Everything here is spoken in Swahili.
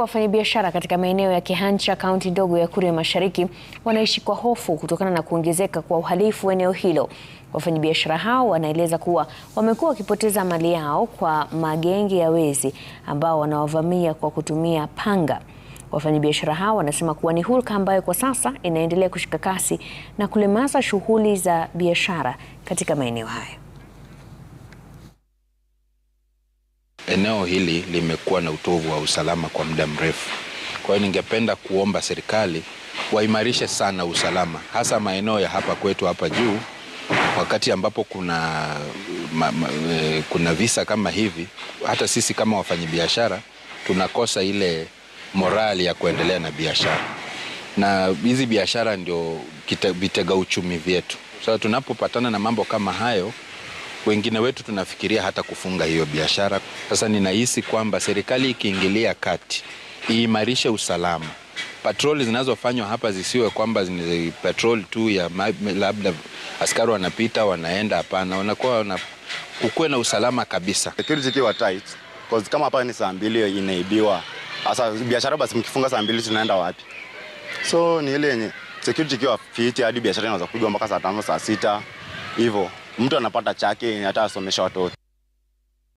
Wafanyabiashara katika maeneo ya Kehancha, kaunti ndogo ya Kuria Mashariki, wanaishi kwa hofu kutokana na kuongezeka kwa uhalifu eneo hilo. Wafanyabiashara hao wanaeleza kuwa wamekuwa wakipoteza mali yao kwa magenge ya wezi ambao wanawavamia kwa kutumia panga. Wafanyabiashara hao wanasema kuwa ni hulka ambayo kwa sasa inaendelea kushika kasi na kulemaza shughuli za biashara katika maeneo hayo. Eneo hili limekuwa na utovu wa usalama kwa muda mrefu. Kwa hiyo ningependa kuomba serikali waimarishe sana usalama, hasa maeneo ya hapa kwetu hapa juu, wakati ambapo kuna, ma, ma, e, kuna visa kama hivi. Hata sisi kama wafanyabiashara tunakosa ile morali ya kuendelea na biashara, na hizi biashara ndio vitega uchumi vyetu. Sasa so, tunapopatana na mambo kama hayo wengine wetu tunafikiria hata kufunga hiyo biashara. Sasa ninahisi kwamba serikali ikiingilia kati iimarishe usalama, patroli zinazofanywa hapa zisiwe kwamba ni patroli tu ya labda askari wanapita wanaenda, hapana, wanakuwa wana, kukuwe na usalama kabisa, security ikiwa tight, cause kama hapa ni saa mbili inaibiwa sasa biashara, basi mkifunga saa mbili tunaenda wapi? So ni ile yenye security ikiwa fiti hadi biashara inaweza kuja mpaka saa tano saa sita hivyo mtu anapata chake hata asomesha watoto.